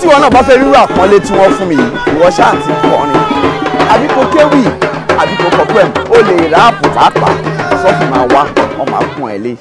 tí wọn náà bá fẹ́ rírú àpọ́nlé tí wọ́n fún mi yìí ìwọ ṣáà ti kọrin àbí kò kéwì àbí kò kọ pẹ́ẹ́mù ó lè rà àpòtá pa sọ́fìn máa wá ọmọ àpọ̀n ẹ̀ lé.